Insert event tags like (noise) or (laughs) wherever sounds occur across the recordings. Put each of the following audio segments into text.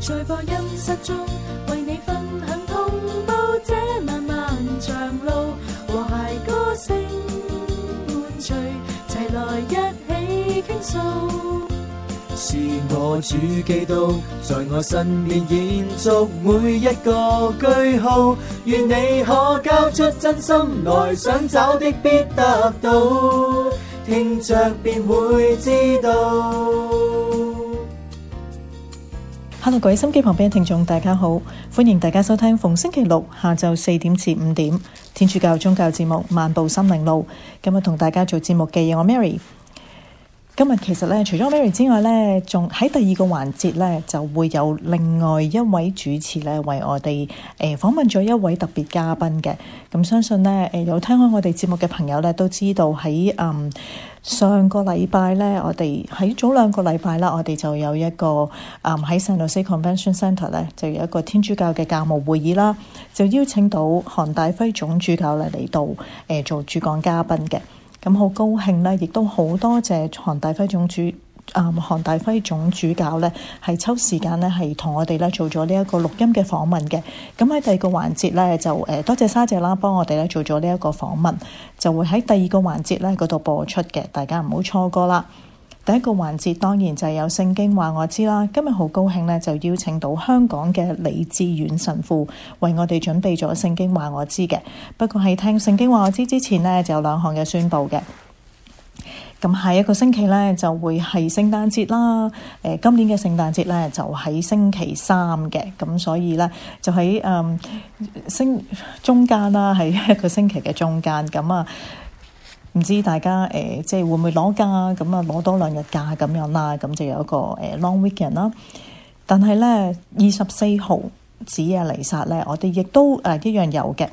在播音室中，為你分享同走這漫漫長路，和諧歌聲伴隨，齊來一起傾訴。是我主基督在我身邊延續每一個句號，願你可交出真心來，想找的必得到，聽着，便會知道。哈囉，各位心機旁邊嘅聽眾大家好，歡迎大家收聽逢星期六下晝四點至五點天主教宗教節目《漫步心靈路》，今日同大家做節目嘅我 Mary。今日其實咧，除咗 Mary 之外咧，仲喺第二個環節咧，就會有另外一位主持咧，為我哋誒訪問咗一位特別嘉賓嘅。咁、嗯、相信咧，誒、呃、有聽開我哋節目嘅朋友咧，都知道喺、嗯、上個禮拜咧，我哋喺早兩個禮拜啦，我哋就有一個誒喺 San Jose Convention Centre 咧，就有一個天主教嘅教務會議啦，就邀請到韓大輝總主教咧嚟到誒、呃、做主講嘉賓嘅。咁好高興咧，亦都好多謝韓大輝總主啊、呃，韓大輝總主教咧，係抽時間咧，係同我哋咧做咗呢一個錄音嘅訪問嘅。咁喺第二個環節咧，就誒、呃、多謝沙姐啦，幫我哋咧做咗呢一個訪問，就會喺第二個環節咧嗰度播出嘅，大家唔好錯過啦。第一個環節當然就係有聖經話我知啦。今日好高興呢，就邀請到香港嘅李志遠神父為我哋準備咗聖經話我知嘅。不過喺聽聖經話我知之前呢，就有兩項嘅宣布嘅。咁下一個星期呢，就會係聖誕節啦。誒、呃，今年嘅聖誕節呢，就喺星期三嘅，咁所以呢，就喺誒、嗯、星中間啦，喺一個星期嘅中間咁啊。唔知大家誒、呃，即係會唔會攞假咁啊？攞多兩日假咁樣啦，咁就有一個誒、呃、long weekend 啦。但係咧，二十四號子夜彌撒咧，我哋亦都誒、呃、一樣有嘅。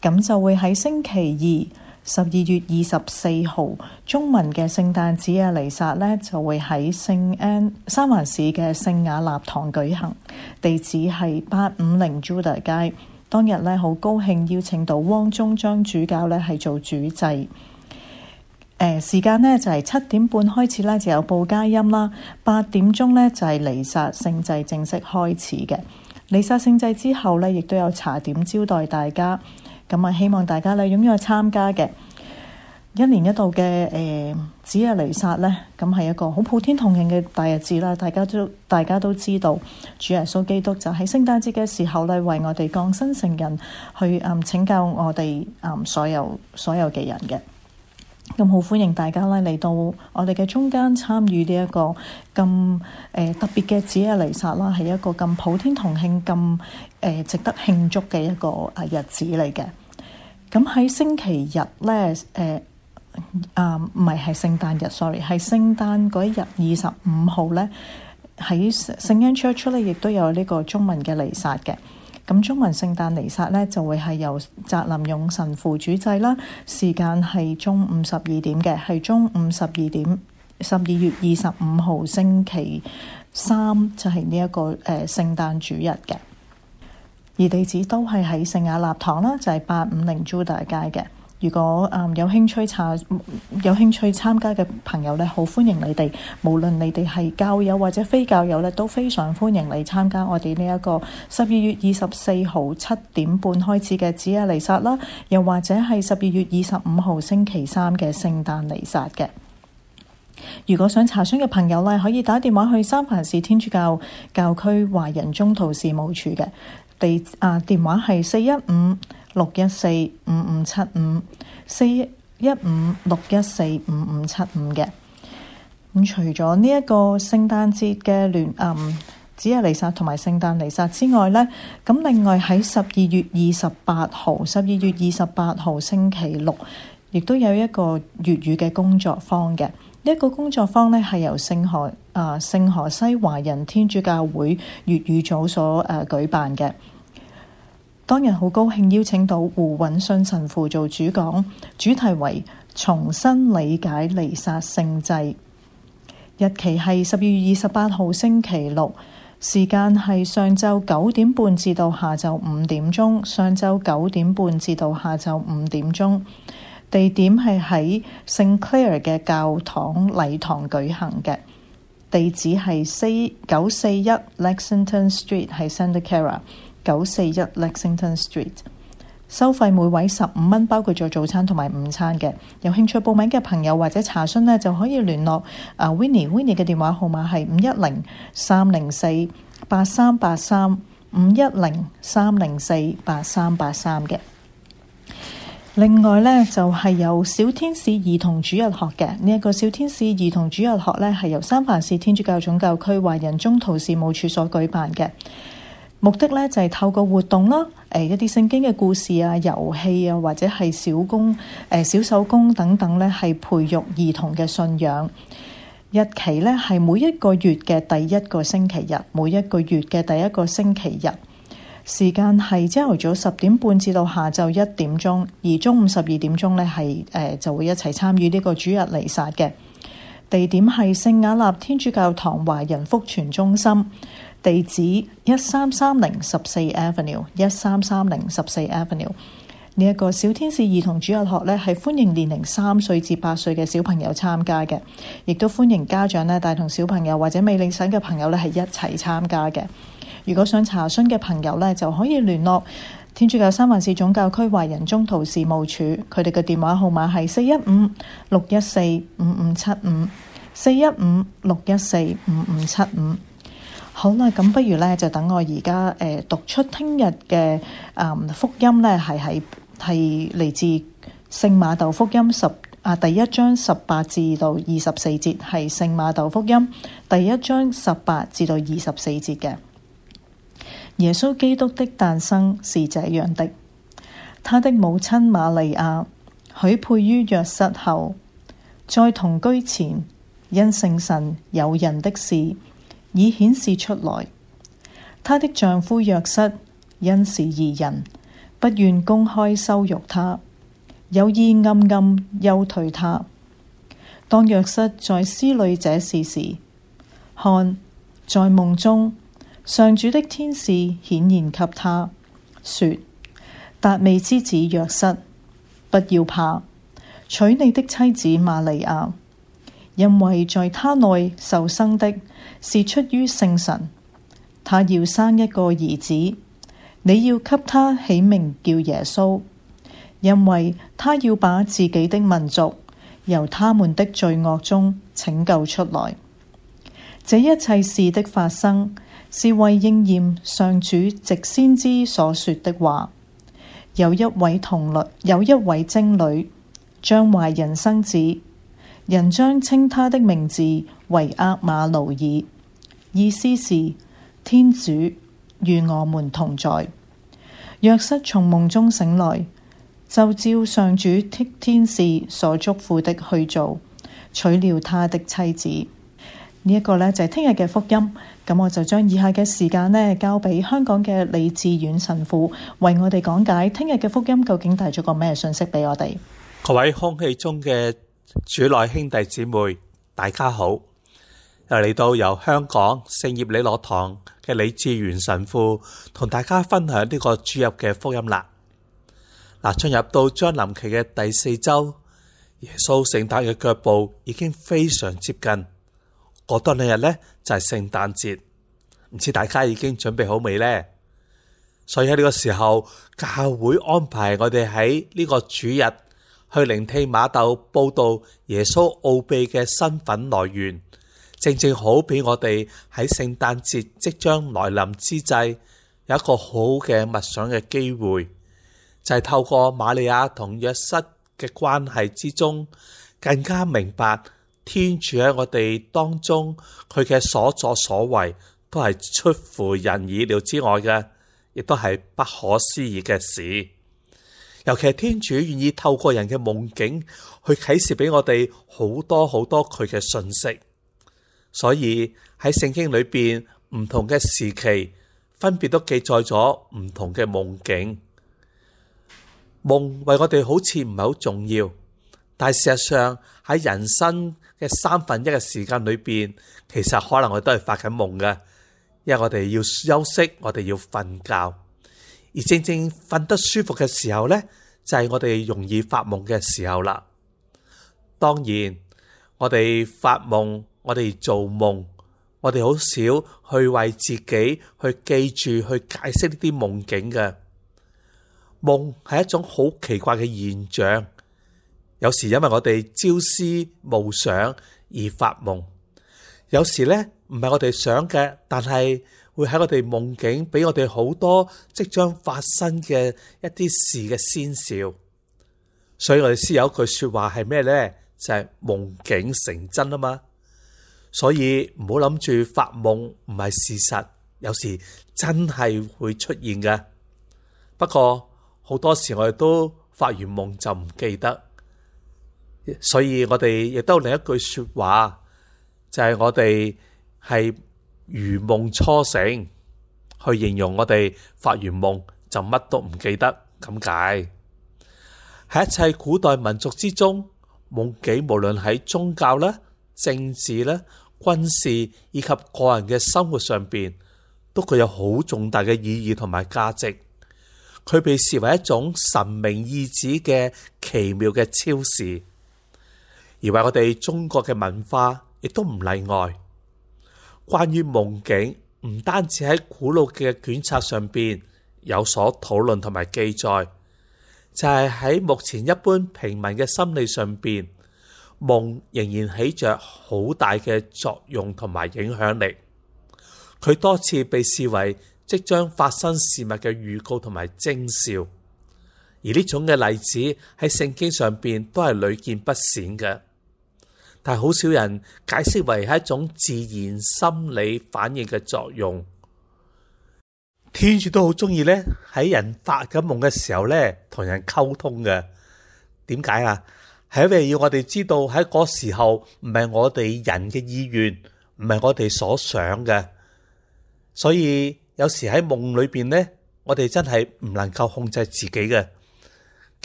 咁就會喺星期二，十二月二十四號中文嘅聖誕子夜彌撒咧，就會喺聖安三藩市嘅聖雅納堂舉行，地址係八五零 Judah 街。當日咧，好高興邀請到汪宗章主教咧，係做主祭。誒，時間咧就係七點半開始啦，就有報佳音啦。八點鐘呢就係彌撒聖祭正式開始嘅。彌撒聖祭之後呢，亦都有茶點招待大家。咁啊，希望大家呢踴躍參加嘅。一年一度嘅誒，主、呃、日彌撒呢，咁係一個好普天同慶嘅大日子啦。大家都大家都知道，主耶穌基督就喺聖誕節嘅時候呢，為我哋降生成人，去誒拯救我哋誒、呃、所有所有嘅人嘅。咁好歡迎大家咧嚟到我哋嘅中間參與呢、呃、一個咁誒特別嘅子夜彌撒啦，係一個咁普天同慶咁誒、呃、值得慶祝嘅一個啊日子嚟嘅。咁喺星期日咧誒、呃、啊，唔係，係聖誕日，sorry 係聖誕嗰一日二十五號咧喺聖恩 Church 咧，亦都有呢個中文嘅彌撒嘅。咁中文聖誕彌撒咧就會係由澤林勇神父主祭啦，時間係中午十二點嘅，係中午十二點十二月二十五號星期三就係呢一個誒、呃、聖誕主日嘅，而地址都係喺聖亞納堂啦，就係八五零朱大街嘅。如果誒、嗯、有興趣查、嗯、有興趣參加嘅朋友咧，好歡迎你哋。無論你哋係教友或者非教友咧，都非常歡迎你參加我哋呢一個十二月二十四號七點半開始嘅子夜彌撒啦，又或者係十二月二十五號星期三嘅聖誕彌撒嘅。如果想查詢嘅朋友咧，可以打電話去三藩市天主教教區華人宗徒事務處嘅地啊電話係四一五。六一四五五七五四一五六一四五五七五嘅，咁、嗯、除咗呢一個聖誕節嘅聯誒，子夜彌撒同埋聖誕彌撒之外咧，咁另外喺十二月二十八號，十二月二十八號星期六，亦都有一個粵語嘅工作坊嘅。呢、這、一個工作坊咧係由聖何啊聖何西華人天主教會粵語組所誒舉辦嘅。當日好高興邀請到胡允信神父做主講，主題為重新理解彌撒聖祭」。日期係十二月二十八號星期六，時間係上晝九點半至到下晝五點鐘。上晝九點半至到下晝五點鐘，地點係喺 Saint Clare 嘅教堂禮堂舉行嘅，地址係四九四一 Lexington Street 喺 Santa Clara 九四一 Lexington Street，收費每位十五蚊，包括咗早餐同埋午餐嘅。有興趣報名嘅朋友或者查詢呢，就可以聯絡啊 Winnie，Winnie 嘅電話號碼，係五一零三零四八三八三五一零三零四八三八三嘅。另外呢，就係、是、有小天使兒童主日學嘅。呢一個小天使兒童主日學呢，係由三藩市天主教總教區華人中途事務處所舉辦嘅。目的呢，就係、是、透過活動啦，誒、呃、一啲聖經嘅故事啊、遊戲啊，或者係小工誒、呃、小手工等等呢，係培育兒童嘅信仰。日期呢，係每一個月嘅第一個星期日，每一個月嘅第一個星期日。時間係朝頭早十點半至到下晝一點鐘，而中午十二點鐘呢，係誒、呃、就會一齊參與呢個主日彌撒嘅。地點係聖雅納天主教堂華人福全中心，地址一三三零十四 Avenue，一三三零十四 Avenue。呢、這、一個小天使兒童主日學咧，係歡迎年齡三歲至八歲嘅小朋友參加嘅，亦都歡迎家長咧帶同小朋友或者未領洗嘅朋友咧係一齊參加嘅。如果想查詢嘅朋友咧，就可以聯絡。天主教三藩市總教區華人宗徒事務處，佢哋嘅電話號碼係四一五六一四五五七五，四一五六一四五五七五。好啦，咁不如咧就等我而家誒讀出聽日嘅誒福音咧，係係係嚟自聖馬竇福音十啊第一章十八至到二十四節，係聖馬竇福音第一章十八至到二十四節嘅。耶穌基督的誕生是這樣的，他的母親瑪利亞許配於約瑟後，在同居前，因聖神有孕的事已顯示出來。他的丈夫約瑟因是義人，不願公開羞辱她，有意暗暗休退她。當約瑟在思慮這事時，看在夢中。上主的天使顯現給他，說：達味之子若瑟，不要怕，娶你的妻子瑪利亞，因為在他內受生的是出於聖神。他要生一個兒子，你要給他起名叫耶穌，因為他要把自己的民族由他們的罪惡中拯救出來。這一切事的發生。是為應驗上主藉先知所說的話。有一位童女，有一位貞女，將懷孕生子，人將稱他的名字為厄瑪奴耳，意思是天主與我們同在。若瑟從夢中醒來，就照上主的天使所囑咐的去做，娶了他的妻子。呢一個咧就係聽日嘅福音，咁我就將以下嘅時間咧交俾香港嘅李志遠神父為我哋講解聽日嘅福音，究竟帶咗個咩信息俾我哋？各位空氣中嘅主內兄弟姊妹，大家好，又嚟到由香港聖葉理諾堂嘅李志遠神父同大家分享呢個主日嘅福音啦。嗱，進入到將臨期嘅第四周，耶穌聖誕嘅腳步已經非常接近。過多兩日呢，就係、是、聖誕節，唔知大家已經準備好未呢？所以喺呢個時候，教會安排我哋喺呢個主日去聆聽馬竇報道耶穌奧秘嘅身份來源，正正好俾我哋喺聖誕節即將來臨之際，有一個好嘅默想嘅機會，就係、是、透過瑪利亞同約瑟嘅關係之中，更加明白。天主喺我哋當中，佢嘅所作所為都係出乎人意料之外嘅，亦都係不可思議嘅事。尤其係天主願意透過人嘅夢境去啟示俾我哋好多好多佢嘅信息。所以喺聖經裏邊，唔同嘅時期分別都記載咗唔同嘅夢境。夢為我哋好似唔係好重要。但事實上喺人生嘅三分一嘅時間裏邊，其實可能我都係發緊夢嘅，因為我哋要休息，我哋要瞓覺，而正正瞓得舒服嘅時候呢，就係我哋容易發夢嘅時候啦。當然，我哋發夢，我哋做夢，我哋好少去為自己去記住去解釋呢啲夢境嘅。夢係一種好奇怪嘅現象。有時因為我哋朝思暮想而發夢，有時呢唔係我哋想嘅，但係會喺我哋夢境俾我哋好多即將發生嘅一啲事嘅先兆。所以我哋先有一句說話係咩呢？就係夢境成真啊嘛。所以唔好諗住發夢唔係事實，有時真係會出現嘅。不過好多時我哋都發完夢就唔記得。所以我哋亦都有另一句說話，就係、是、我哋係如夢初醒，去形容我哋發完夢就乜都唔記得咁解。喺、這個、一切古代民族之中，夢境無論喺宗教咧、政治咧、軍事以及個人嘅生活上面，都具有好重大嘅意義同埋價值。佢被視為一種神明意志嘅奇妙嘅超視。而為我哋中國嘅文化亦都唔例外。關於夢境，唔單止喺古老嘅卷冊上邊有所討論同埋記載，就係喺目前一般平民嘅心理上邊，夢仍然起着好大嘅作用同埋影響力。佢多次被視為即將發生事物嘅預告同埋徵兆。而呢種嘅例子喺聖經上邊都係屢見不鮮嘅，但係好少人解釋為係一種自然心理反應嘅作用。天主都好中意咧喺人發緊夢嘅時候咧同人溝通嘅，點解啊？係因為要我哋知道喺嗰時候唔係我哋人嘅意願，唔係我哋所想嘅，所以有時喺夢裏邊呢，我哋真係唔能夠控制自己嘅。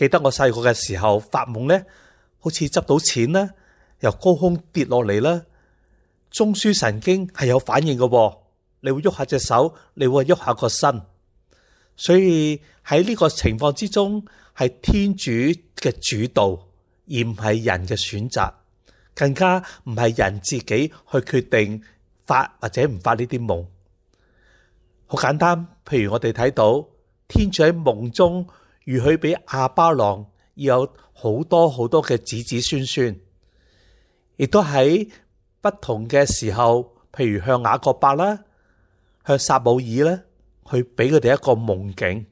記得我細個嘅時候發夢呢，好似執到錢啦，由高空跌落嚟啦，中樞神經係有反應嘅，你會喐下隻手，你會喐下個身，所以喺呢個情況之中，係天主嘅主導，而唔係人嘅選擇，更加唔係人自己去決定發或者唔發呢啲夢。好簡單，譬如我哋睇到天主喺夢中。如佢俾亞巴郎要有好多好多嘅子子孫孫，亦都喺不同嘅時候，譬如向雅各伯啦，向撒慕爾啦，去俾佢哋一個夢境。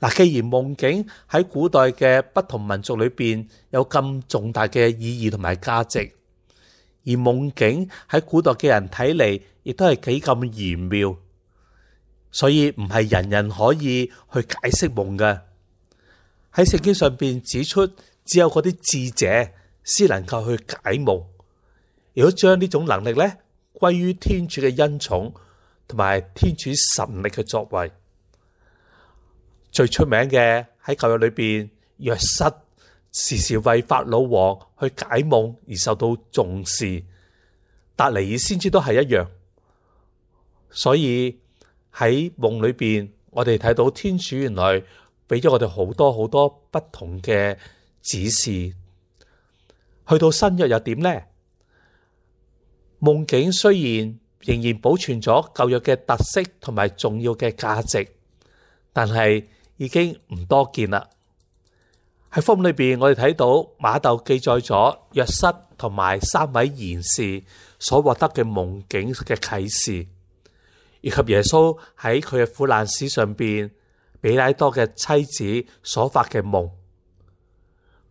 嗱，既然夢境喺古代嘅不同民族裏邊有咁重大嘅意義同埋價值，而夢境喺古代嘅人睇嚟，亦都係幾咁玄妙。所以唔係人人可以去解釋夢嘅。喺聖經上邊指出，只有嗰啲智者先能夠去解夢。如果將呢種能力咧歸於天主嘅恩寵同埋天主神力嘅作為，最出名嘅喺舊約裏邊，若瑟時時為法老王去解夢而受到重視。達尼爾先知都係一樣，所以。喺夢裏邊，我哋睇到天主原來俾咗我哋好多好多不同嘅指示。去到新約又點呢？夢境雖然仍然保存咗舊約嘅特色同埋重要嘅價值，但係已經唔多見啦。喺福音裏邊，我哋睇到馬竇記載咗約瑟同埋三位賢士所獲得嘅夢境嘅啟示。以及耶穌喺佢嘅苦難史上邊，比拉多嘅妻子所發嘅夢。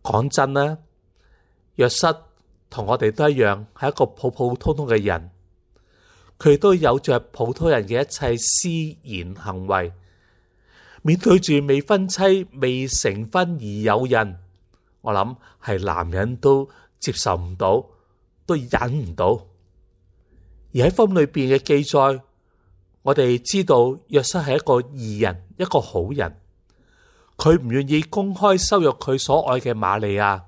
講真咧，若瑟同我哋都一樣，係一個普普通通嘅人，佢都有着普通人嘅一切私言行為。面對住未婚妻未成婚而有孕，我諗係男人都接受唔到，都忍唔到。而喺封裏邊嘅記載。我哋知道，約瑟係一個義人，一個好人。佢唔願意公開羞辱佢所愛嘅瑪利亞，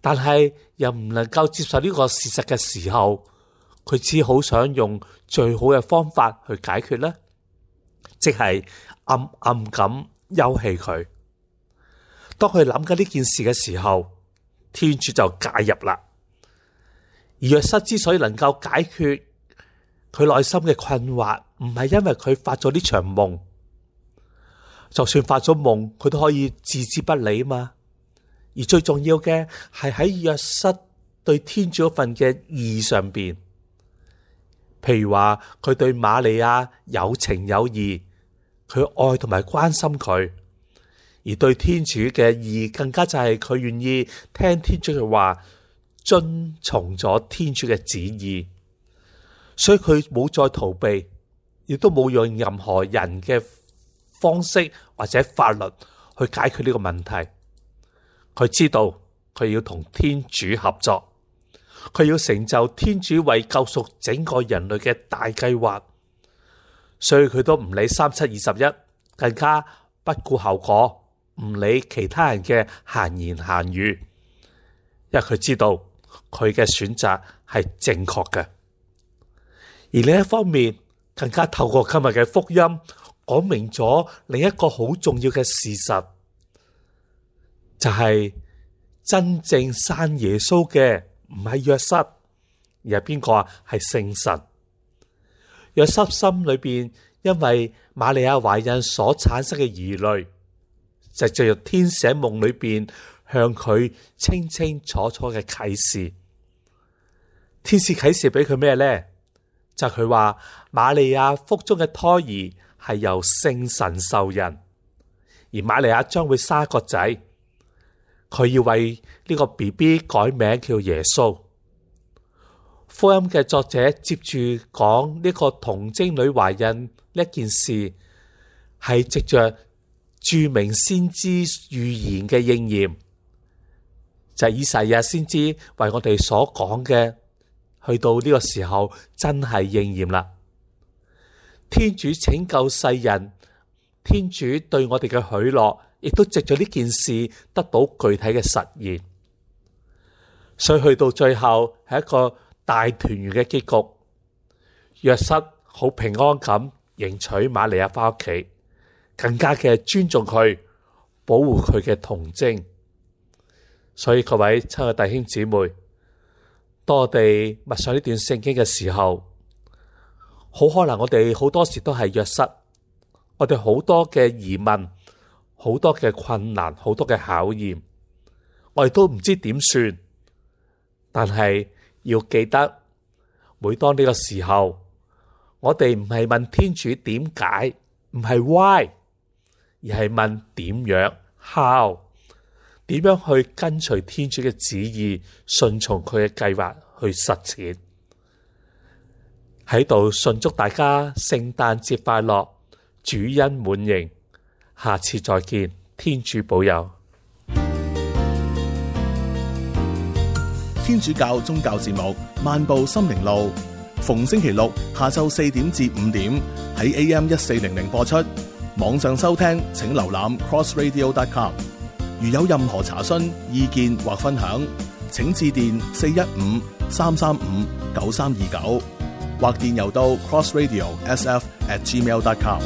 但係又唔能夠接受呢個事實嘅時候，佢只好想用最好嘅方法去解決呢，即係暗暗咁休棄佢。當佢諗緊呢件事嘅時候，天主就介入啦。而約瑟之所以能夠解決，佢內心嘅困惑唔係因為佢發咗呢場夢，就算發咗夢，佢都可以置之不理啊嘛。而最重要嘅係喺約瑟對天主份嘅意義上邊，譬如話佢對瑪利亞有情有義，佢愛同埋關心佢，而對天主嘅意義更加就係佢願意聽天主嘅話，遵從咗天主嘅旨意。所以佢冇再逃避，亦都冇用任何人嘅方式或者法律去解決呢個問題。佢知道佢要同天主合作，佢要成就天主為救贖整個人類嘅大計劃。所以佢都唔理三七二十一，更加不顧後果，唔理其他人嘅閒言閒語，因為佢知道佢嘅選擇係正確嘅。而另一方面，更加透過今日嘅福音講明咗另一個好重要嘅事實，就係、是、真正生耶穌嘅唔係約瑟，而係邊個啊？係聖神。約瑟心裏邊因為瑪利亞懷孕所產生嘅疑慮，就進、是、入天使夢裏邊向佢清清楚楚嘅啟示。天使啟示俾佢咩咧？就佢話瑪利亞腹中嘅胎兒係由聖神受孕，而瑪利亞將會生一個仔，佢要為呢個 B B 改名叫耶穌。福音嘅作者接住講呢個童貞女懷孕呢件事，係藉着著名先知預言嘅應驗，就是、以賽亞先知為我哋所講嘅。去到呢個時候，真係應驗啦！天主拯救世人，天主對我哋嘅許諾，亦都藉咗呢件事得到具體嘅實現。所以去到最後係一個大團圓嘅結局。約瑟好平安咁迎娶瑪利亞翻屋企，更加嘅尊重佢，保護佢嘅童貞。所以各位親愛弟兄姊妹。當我哋默想呢段聖經嘅時候，好可能我哋好多時都係若瑟，我哋好多嘅疑問，好多嘅困難，好多嘅考驗，我哋都唔知點算。但係要記得，每當呢個時候，我哋唔係問天主點解，唔係 why，而係問點樣 how。點樣去跟隨天主嘅旨意，順從佢嘅計劃去實踐？喺度順祝大家聖誕節快樂，主恩滿盈。下次再見，天主保佑。天主教宗教節目《漫步心靈路》，逢星期六下晝四點至五點喺 AM 一四零零播出，網上收聽請瀏覽 crossradio.com。如有任何查詢、意見或分享，請致電四一五三三五九三二九，29，或電郵到 crossradio_sf@gmail.com。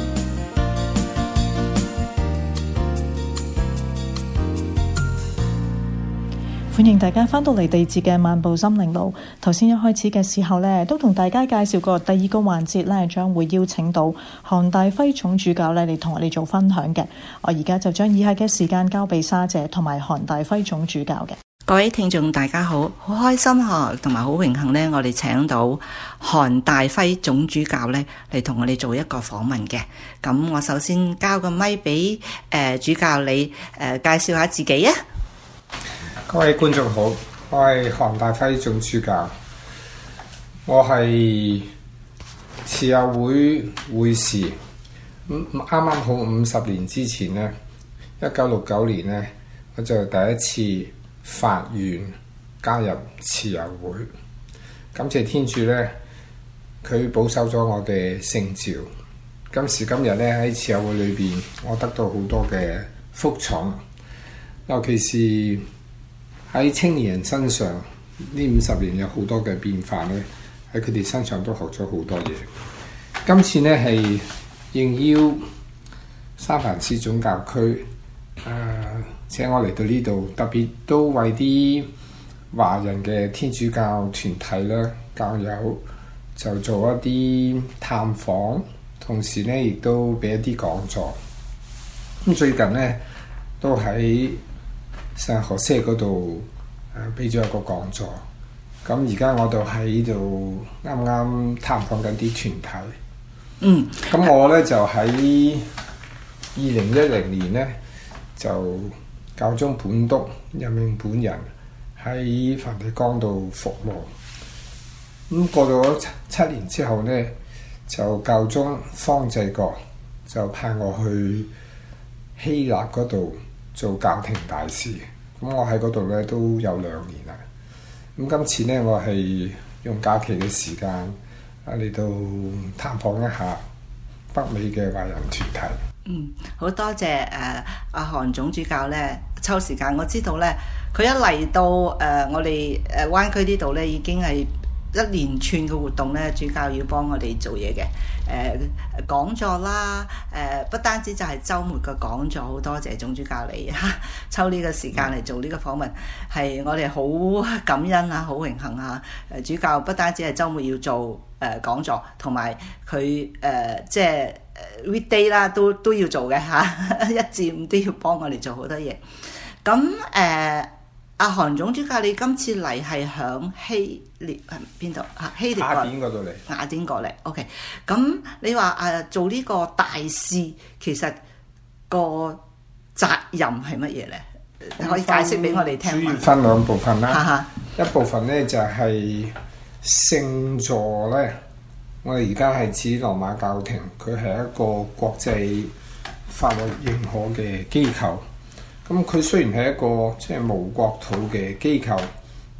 歡迎大家翻到嚟地節嘅漫步心靈路。頭先一開始嘅時候呢，都同大家介紹過第二個環節呢，將會邀請到韓大輝總主教呢嚟同我哋做分享嘅。我而家就將以下嘅時間交俾沙姐同埋韓大輝總主教嘅。各位聽眾，大家好，好開心啊，同埋好榮幸呢，我哋請到韓大輝總主教呢嚟同我哋做一個訪問嘅。咁我首先交個咪俾誒主教你，誒介紹下自己啊。各位觀眾好，我係韓大輝總主教，我係慈幼會會士。啱啱好五十年之前呢，一九六九年呢，我就第一次發願加入慈幼會。感謝天主呢，佢保守咗我嘅聖召。今時今日呢，喺慈幼會裏邊，我得到好多嘅福寵，尤其是。喺青年人身上，呢五十年有好多嘅變化呢，喺佢哋身上都學咗好多嘢。今次呢係應邀三藩市總教區誒、呃、請我嚟到呢度，特別都為啲華人嘅天主教團體啦，教友就做一啲探訪，同時呢亦都俾一啲講座。咁最近呢都喺上海社嗰度，俾、啊、咗一個講座。咁而家我就喺度啱啱探訪緊啲團體。嗯。咁、啊、我咧就喺二零一零年咧就教宗本篤任命本人喺梵蒂岡度服務。咁過咗七年之後咧，就教宗方濟各就派我去希臘嗰度，做教廷大使，咁我喺嗰度咧都有兩年啦。咁今次咧，我係用假期嘅時間嚟到探訪一下北美嘅華人團體。嗯，好多謝誒阿、啊、韓總主教咧抽時間。我知道咧，佢一嚟到誒、啊、我哋誒灣區呢度咧，已經係。一連串嘅活動咧，主教要幫我哋做嘢嘅，誒、呃、講座啦，誒、呃、不單止就係週末嘅講座，好多謝總主教你。啊，抽呢個時間嚟做呢個訪問，係我哋好感恩啊，好榮幸啊，誒、呃、主教不單止係週末要做誒、呃、講座，同埋佢誒即、呃、係、就是、weekday 啦，都都要做嘅嚇，啊、 (laughs) 一至五都要幫我哋做好多嘢，咁誒。呃阿韓總主教，你今次嚟係響希臘邊度？嚇，希臘亞典嗰度嚟。雅典過嚟，OK。咁你話誒做呢個大使，其實個責任係乜嘢咧？可以解釋俾我哋聽。主要分兩部分啦。嚇嚇。一部分咧就係、是、聖座咧，我哋而家係指羅馬教廷，佢係一個國際法律認可嘅機構。咁佢雖然係一個即係無國土嘅機構，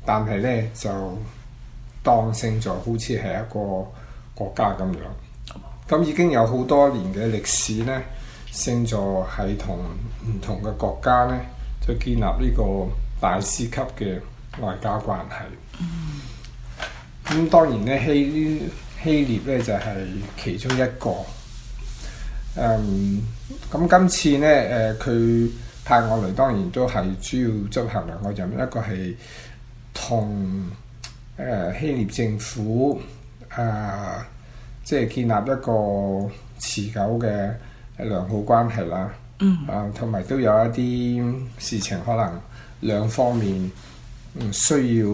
但係咧就當聖座好似係一個國家咁樣。咁已經有好多年嘅歷史咧，聖座係同唔同嘅國家咧，就建立呢個大使級嘅外交關係。咁、嗯、當然咧，希希臘咧就係、是、其中一個。嗯，咁今次咧，誒、呃、佢。派我嚟當然都係主要執行兩個任務，一個係同誒希臘政府啊，呃，即係建立一個持久嘅良好關係啦。嗯。啊，同埋都有一啲事情可能兩方面需要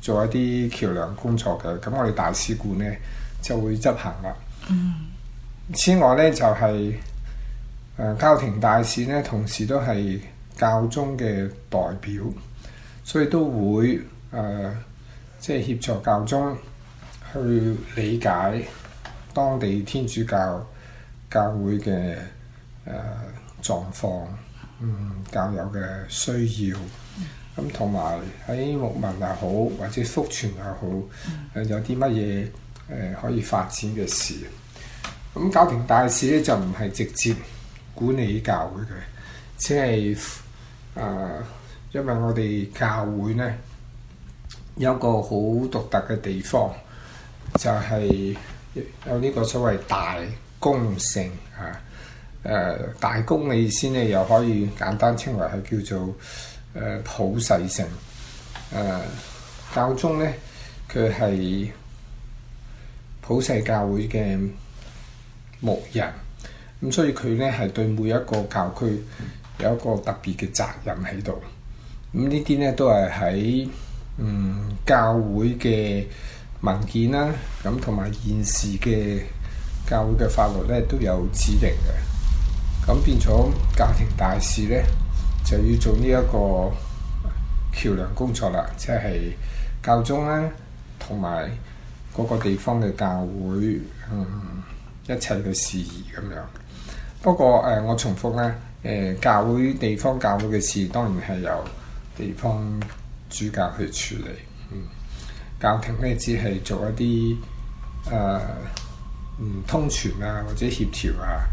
做一啲橋梁工作嘅，咁我哋大使館呢就會執行啦。嗯。此外呢，就係、是。誒教廷大使咧，同時都係教宗嘅代表，所以都會誒即係協助教宗去理解當地天主教教會嘅誒、呃、狀況，嗯，教友嘅需要，咁同埋喺牧民又好，或者福傳又好，嗯呃、有啲乜嘢誒可以發展嘅事，咁、嗯、教廷大使咧就唔係直接管理教會嘅，即係啊、呃，因為我哋教會咧有個好獨特嘅地方，就係、是、有呢個所謂大公性啊，誒、呃、大公你先咧又可以簡單稱為係叫做誒、呃、普世性。誒、啊、教宗咧佢係普世教會嘅牧人。咁所以佢咧係對每一個教區有一個特別嘅責任喺度。咁、嗯、呢啲咧都係喺嗯教會嘅文件啦，咁同埋現時嘅教會嘅法律咧都有指定嘅。咁變咗教廷大使咧就要做呢一個橋樑工作啦，即係教宗啦，同埋嗰個地方嘅教會，嗯一切嘅事宜咁樣。不過誒、呃，我重複咧，誒、呃、教會地方教會嘅事當然係由地方主教去處理，嗯，教廷咧只係做一啲誒唔通傳啊或者協調啊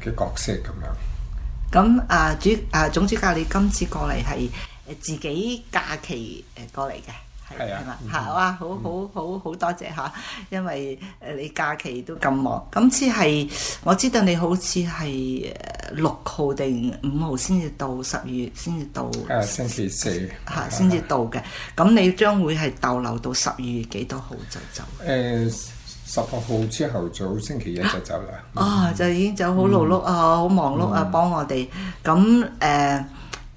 誒嘅、呃、角色咁樣。咁啊主啊總主教，你今次過嚟係誒自己假期誒過嚟嘅。係啊，嚇！哇、嗯，好好好好多謝嚇，因為誒你假期都咁忙，咁似係我知道你好似係六號定五號先至到十二月先至到。誒、啊，星期四。嚇是，先至到嘅，咁、啊嗯、你將會係逗留到十二月幾多號就走？誒、呃，十二號之後早星期一就走啦。啊、嗯哦，就已經走好勞碌、嗯、啊，好忙碌啊，嗯、幫我哋咁誒。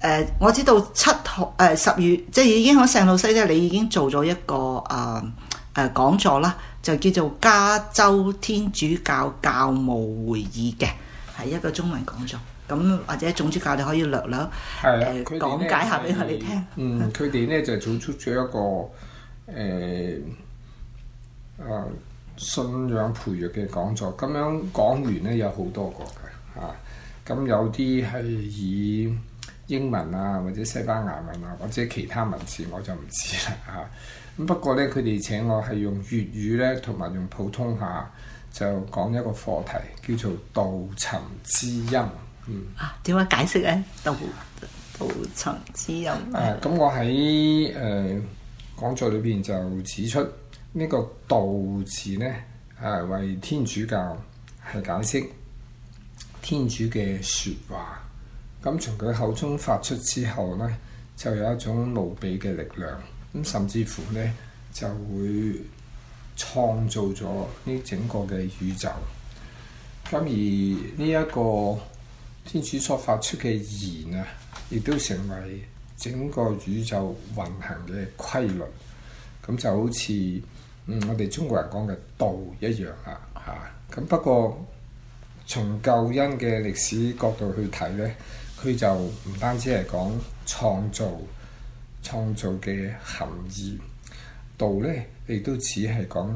誒、呃，我知道七號誒、呃、十月，即係已經響聖老西咧，你已經做咗一個誒誒講座啦，就叫做加州天主教教務會議嘅，係一個中文講座。咁或者總主教你可以略略誒講、呃、解下俾佢哋聽。嗯，佢哋咧就做出咗一個誒誒、呃啊、信仰培育嘅講座，咁樣講完咧有好多個嘅嚇，咁、啊、有啲係以英文啊，或者西班牙文啊，或者其他文字我就唔知啦嚇。咁、啊、不過咧，佢哋請我係用粵語咧，同埋用普通話就講一個課題，叫做道尋知音。嗯。啊？點樣解釋咧？道道尋知音。誒，咁、啊、我喺誒、呃、講座裏邊就指出呢、呢個道字咧，係、啊、為天主教係解釋天主嘅説話。咁從佢口中發出之後呢，就有一種無比嘅力量，咁甚至乎呢就會創造咗呢整個嘅宇宙。咁而呢一個天主所發出嘅言啊，亦都成為整個宇宙運行嘅規律。咁就好似嗯我哋中國人講嘅道一樣啊嚇。咁不過從救恩嘅歷史角度去睇呢。佢就唔單止係講創造，創造嘅含義，道咧亦都只係講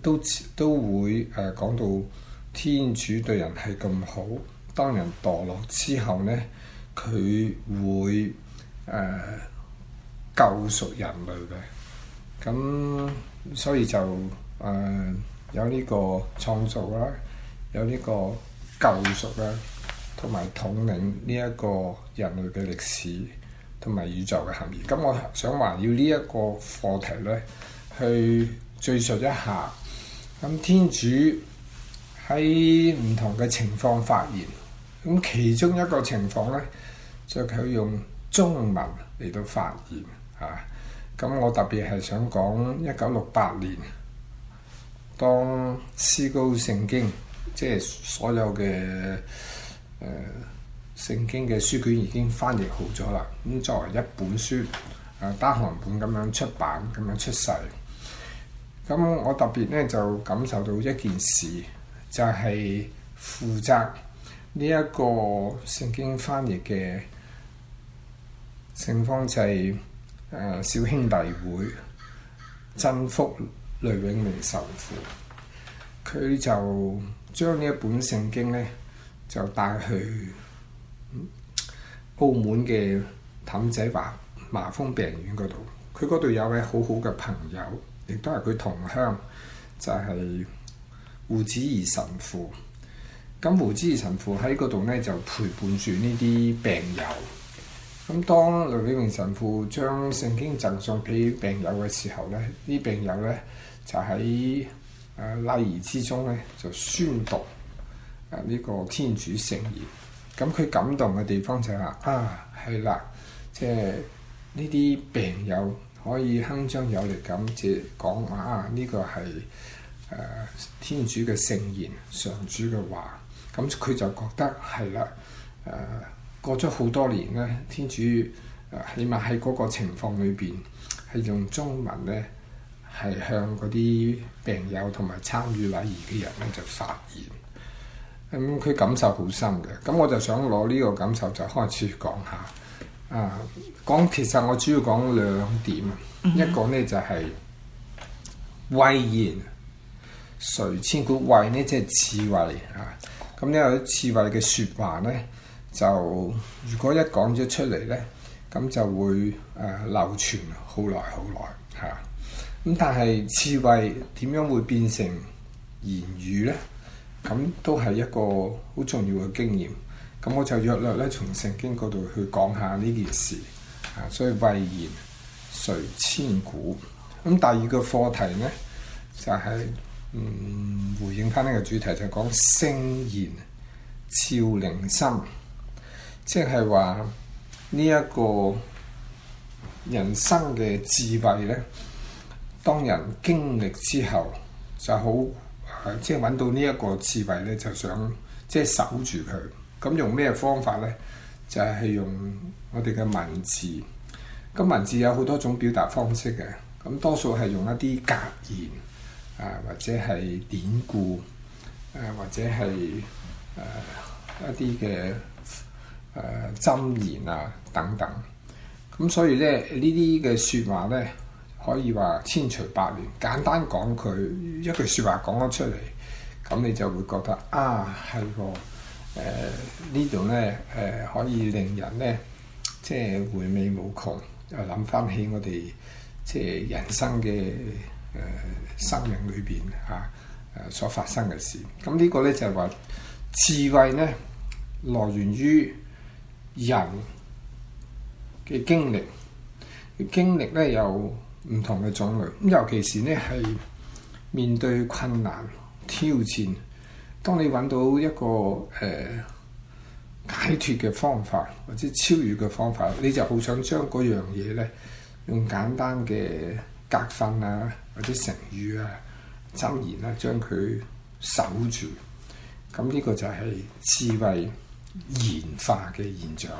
都都會誒講、呃、到天主對人係咁好，當人墮落之後咧，佢會誒、呃、救贖人類嘅。咁所以就誒有呢個創造啦，有呢個救贖啦。同埋統領呢一個人類嘅歷史同埋宇宙嘅行義。咁我想還要呢一個課題呢去敍述一下。咁天主喺唔同嘅情況發言。咁其中一個情況呢就佢用中文嚟到發言嚇。咁、啊、我特別係想講一九六八年，當思高聖經即係所有嘅。誒聖、呃、經嘅書卷已經翻譯好咗啦，咁、嗯、作為一本書，誒、呃、單行本咁樣出版，咁樣出世，咁我特別咧就感受到一件事，就係、是、負責呢一個聖經翻譯嘅聖方濟誒、呃、小兄弟會真福雷永明神父，佢就將呢一本聖經呢。就帶去澳門嘅氹仔華麻風病院嗰度，佢嗰度有位好好嘅朋友，亦都係佢同鄉，就係、是、胡子怡神父。咁胡子怡神父喺嗰度咧就陪伴住呢啲病友。咁當雷禮明神父將聖經贈送俾病友嘅時候咧，啲病友咧就喺誒禮儀之中咧就宣讀。呢、啊這個天主聖言，咁、嗯、佢感動嘅地方就係、是、啊，係啦，即係呢啲病友可以鏗鏘有力咁即係講話啊，呢、這個係誒、呃、天主嘅聖言，上主嘅話。咁、嗯、佢就覺得係啦，誒、呃、過咗好多年咧，天主誒、呃、起碼喺嗰個情況裏邊係用中文咧，係向嗰啲病友同埋參與禮儀嘅人咧就發言。咁佢、嗯、感受好深嘅，咁我就想攞呢個感受就開始講下，啊，講其實我主要講兩點，mm hmm. 一個呢就係、是，慧言垂千古慧呢？即係智慧，嚇、啊，咁咧有啲智慧嘅説話呢，就如果一講咗出嚟呢，咁就會誒、呃、流傳好耐好耐，嚇、啊，咁、嗯、但係智慧點樣會變成言語呢？咁都係一個好重要嘅經驗，咁我就約略咧從聖經嗰度去講下呢件事，啊，所以遺言垂千古。咁第二個課題呢，就係、是、嗯、回應翻呢個主題就，就係講聖言照靈心，即係話呢一個人生嘅智慧呢，當人經歷之後就好。即係揾到呢一個刺位咧，就想即係守住佢。咁、嗯、用咩方法咧？就係、是、用我哋嘅文字。咁、嗯、文字有好多種表達方式嘅。咁、嗯、多數係用一啲格言、呃呃呃一呃、言啊，或者係典故，誒或者係誒一啲嘅誒箴言啊等等。咁、嗯、所以咧呢啲嘅説話咧。可以話千錘百煉，簡單講佢一句説話講咗出嚟，咁你就會覺得啊，係個誒呢度咧誒，可以令人咧即係回味無窮，又諗翻起我哋即係人生嘅誒、呃、生命裏邊嚇誒所發生嘅事。咁呢個咧就係、是、話智慧咧來源於人嘅經歷，嘅經歷咧又，有唔同嘅種類，咁尤其是呢係面對困難挑戰，當你揾到一個誒、呃、解脫嘅方法，或者超越嘅方法，你就好想將嗰樣嘢呢用簡單嘅格訓啊，或者成語啊、箴言啦、啊，將佢守住。咁呢個就係智慧演化嘅現象啦。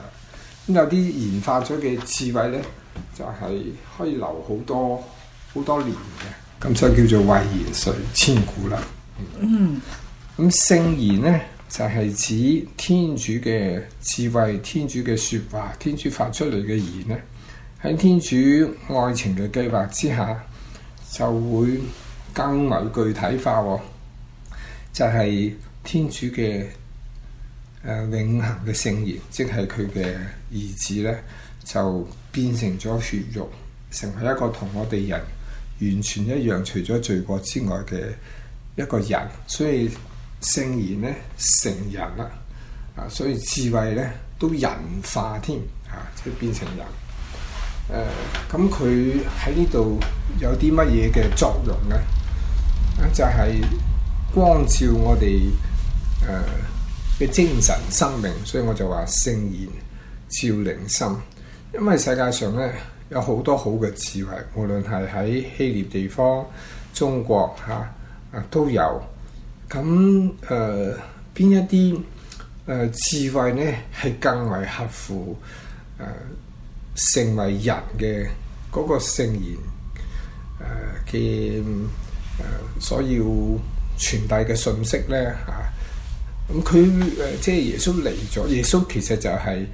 咁有啲研發咗嘅智慧咧，就係、是、可以留好多好多年嘅，咁就叫做慧言垂千古啦。嗯，咁聖言咧就係、是、指天主嘅智慧，天主嘅説話，天主發出嚟嘅言咧，喺天主愛情嘅計劃之下，就會更為具體化、哦，就係、是、天主嘅。誒、呃、永恆嘅聖賢，即係佢嘅兒子咧，就變成咗血肉，成為一個同我哋人完全一樣，除咗罪過之外嘅一個人。所以聖賢咧成人啦，啊，所以智慧咧都人化添，啊，即係變成人。誒、呃，咁佢喺呢度有啲乜嘢嘅作用咧？就係、是、光照我哋誒、呃嘅精神生命，所以我就話聖賢照靈心。因為世界上咧有好多好嘅智慧，無論係喺希臘地方、中國吓啊，啊都有。咁誒邊一啲誒、呃、智慧咧係更為合乎誒、呃、成為人嘅嗰個聖賢誒嘅誒所要傳遞嘅信息咧吓？啊咁佢誒，即係、就是、耶穌嚟咗。耶穌其實就係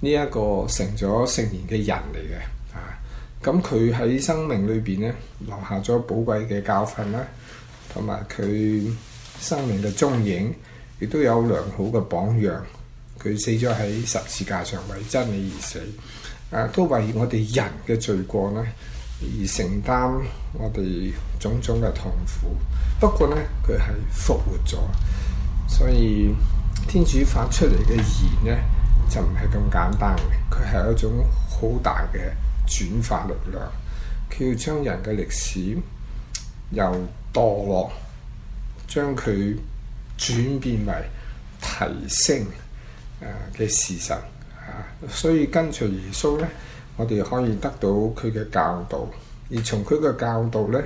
呢一個成咗成年嘅人嚟嘅，啊！咁佢喺生命裏邊咧，留下咗寶貴嘅教訓啦，同埋佢生命嘅蹤影，亦都有良好嘅榜樣。佢死咗喺十字架上，為真理而死，誒、啊，都為我哋人嘅罪過咧而承擔我哋種種嘅痛苦。不過咧，佢係復活咗。所以天主發出嚟嘅言呢，就唔係咁簡單嘅，佢係一種好大嘅轉化力量。佢要將人嘅歷史由墮落，將佢轉變為提升嘅事實啊！所以跟隨耶穌呢，我哋可以得到佢嘅教導，而從佢嘅教導呢，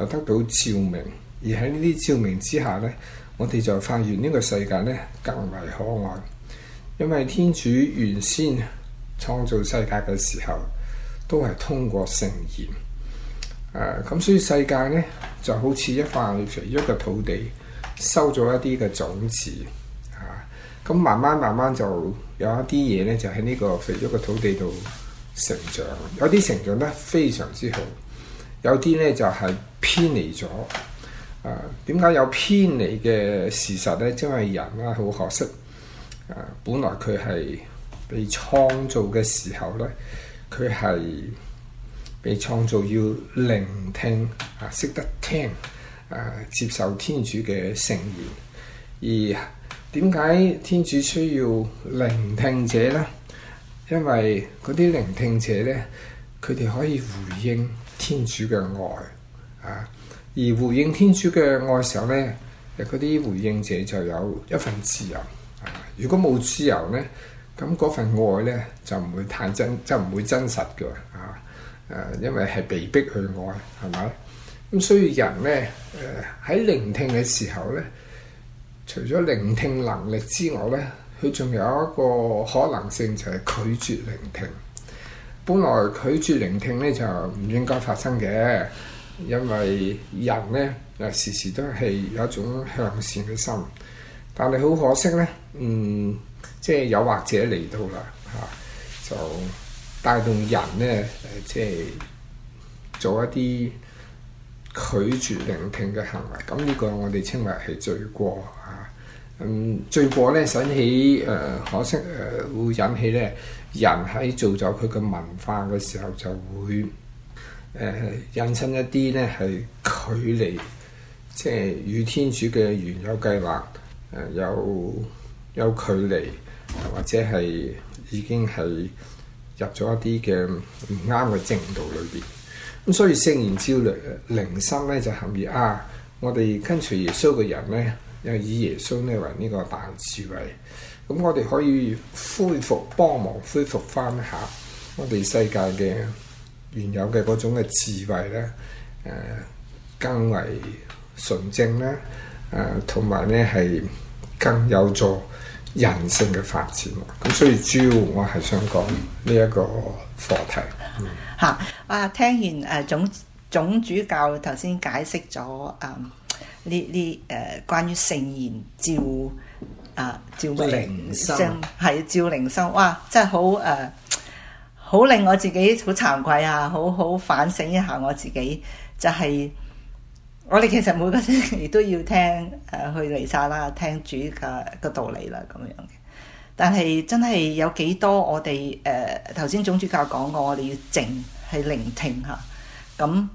又得到照明。而喺呢啲照明之下咧，我哋就發現呢個世界咧，更為可愛。因為天主原先創造世界嘅時候，都係通過聖言。誒、啊、咁，所以世界咧就好似一塊肥沃嘅土地，收咗一啲嘅種子啊。咁慢慢慢慢就有一啲嘢咧，就喺呢個肥沃嘅土地度成長。有啲成長得非常之好，有啲咧就係偏離咗。啊，點解有偏離嘅事實呢？因為人呀好可惜，啊，本來佢係被創造嘅時候呢，佢係被創造要聆聽啊，識得聽啊，接受天主嘅聖言。而點解天主需要聆聽者呢？因為嗰啲聆聽者呢，佢哋可以回應天主嘅愛啊。而回應天主嘅愛嘅時候咧，誒嗰啲回應者就有一份自由。啊、如果冇自由咧，咁嗰份愛咧就唔會太真，就唔會真實嘅。啊，誒、啊，因為係被逼去愛，係咪？咁所以人咧，誒、呃、喺聆聽嘅時候咧，除咗聆聽能力之外咧，佢仲有一個可能性就係拒絕聆聽。本來拒絕聆聽咧就唔應該發生嘅。因為人咧，誒時時都係有一種向善嘅心，但係好可惜咧，嗯，即係誘惑者嚟到啦，嚇、啊、就帶動人咧，誒、啊、即係做一啲拒絕聆聽嘅行為。咁、嗯、呢、呢個我哋稱為係罪過嚇、啊。嗯，罪過咧，想起誒、呃、可惜誒、呃、會引起咧人喺做咗佢嘅文化嘅時候就會。誒引申一啲咧係距離，即係與天主嘅原有計劃誒、呃、有有距離，或者係已經係入咗一啲嘅唔啱嘅正道裏邊。咁、嗯、所以聖言召勵靈心咧就含義啊！我哋跟隨耶穌嘅人咧，又以耶穌咧為呢個大智慧，咁、嗯、我哋可以恢復幫忙恢復返下我哋世界嘅。原有嘅嗰種嘅智慧咧，誒、呃，更為純正啦，誒、呃，同埋咧係更有助人性嘅發展。咁所以主要我係想講呢一個課題嚇。嗯、啊，聽完誒總總主教頭先解釋咗誒呢呢誒關於聖言照啊照靈心，係照靈心，哇，真係好誒！呃好令我自己好慚愧啊！好好反省一下我自己，就係、是、我哋其實每個星期都要聽誒去彌撒啦，聽主嘅個道理啦咁樣嘅。但係真係有幾多我哋誒頭先總主教講過，我哋要靜去聆聽吓咁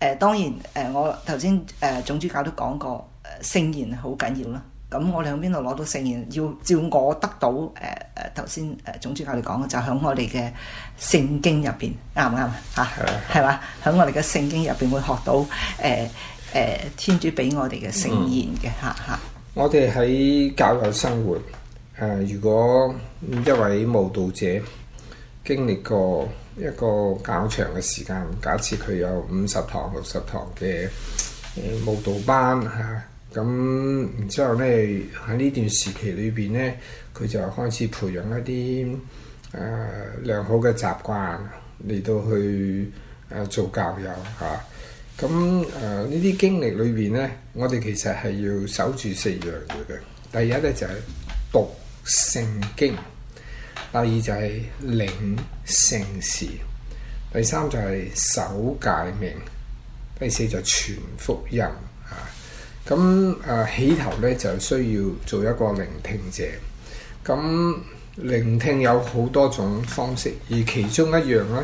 誒。當然誒，我頭先誒總主教都講過聖言好緊要啦。咁我哋喺邊度攞到聖言？要照我得到誒誒頭先誒總主教你講嘅，就喺我哋嘅聖經入邊啱唔啱啊？係啊，係嘛吧？喺我哋嘅聖經入邊會學到誒誒、呃呃、天主俾我哋嘅聖言嘅嚇嚇。嗯啊、我哋喺教友生活誒、啊，如果一位慕道者經歷過一個較長嘅時間，假設佢有五十堂、六十堂嘅誒慕道班嚇。咁然之後咧喺呢段時期裏邊咧，佢就開始培養一啲誒、呃、良好嘅習慣嚟到去誒、呃、做教友嚇。咁、啊、誒、呃、呢啲經歷裏邊咧，我哋其實係要守住四樣嘢嘅。第一咧就係、是、讀聖經，第二就係領聖事，第三就係守誡命，第四就傳福音。咁誒、啊、起頭咧就需要做一個聆聽者。咁、啊、聆聽有好多種方式，而其中一樣咧誒、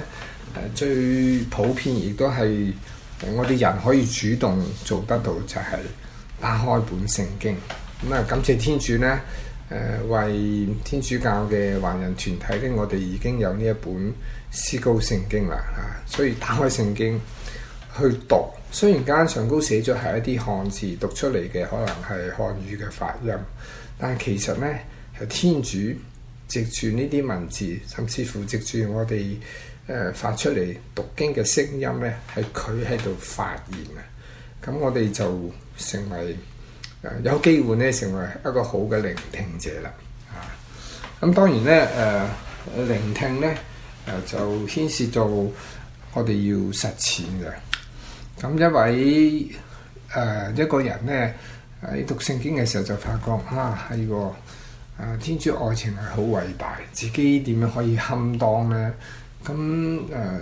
啊、最普遍，亦都係我哋人可以主動做得到，就係、是、打開本聖經。咁啊，感謝天主咧誒、啊、為天主教嘅華人團體咧，我哋已經有呢一本思高聖經啦嚇、啊，所以打開聖經去讀。雖然間上高寫咗係一啲漢字，讀出嚟嘅可能係漢語嘅發音，但係其實呢，係天主藉住呢啲文字，甚至乎藉住我哋誒、呃、發出嚟讀經嘅聲音呢，係佢喺度發言啊！咁我哋就成為誒、呃、有機會呢，成為一個好嘅聆聽者啦。啊！咁當然呢，誒、呃、聆聽呢，誒、呃、就牽涉到我哋要實踐嘅。咁一位誒、呃、一個人呢，喺讀聖經嘅時候就發覺啊係、呃、天主愛情係好偉大，自己點樣可以堪當呢？」咁、呃、誒